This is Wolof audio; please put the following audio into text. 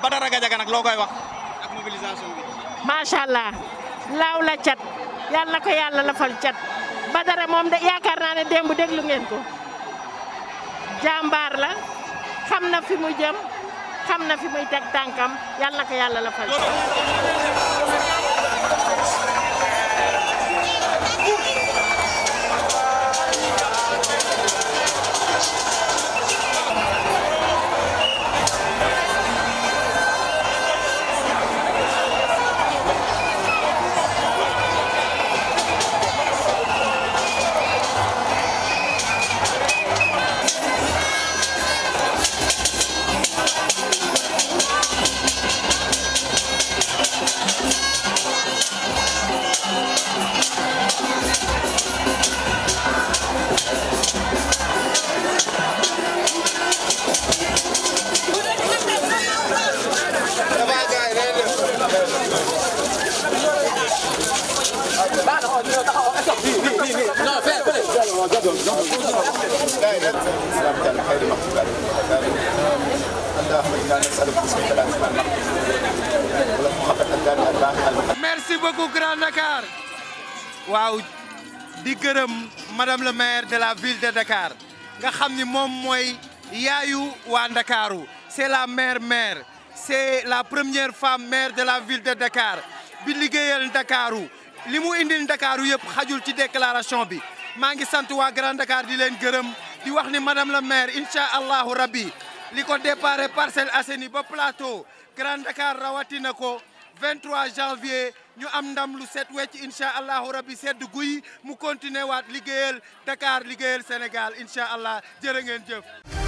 Badara nag loo koy wax ak laaw la cat yàlla na ko yàlla lafal cet Badara moom de yaakaar naa ne démb déglu ngeen ko jàmbaar la xam na fi mu jëm xam na fi muy teg tànkam yàlla na ko yàlla lafal merci beaucoup Grand Dakar Wow, di madame le maire de la ville de Dakar nga xam ni moom mooy yaayu waa c'est la mère-mère, c'est la première femme maire de la ville de Dakar bi liggéeyal Ndakaaru li mu indil Ndakaaru yëpp xajul ci déclaration bi maa ngi sant waa Grand Dakar di leen gërëm di wax ni madame la maire incha allahu rabbi li ko déparé Parcelles Assainies ba plateau Grand Dakar rawatina ko 23 janvier ñu am ndam lu set wecc incha allahu rabbi sedd guy mu continuer waat liggéeyal Dakar liggéeyal Sénégal incha allah jërë ngeen jëf.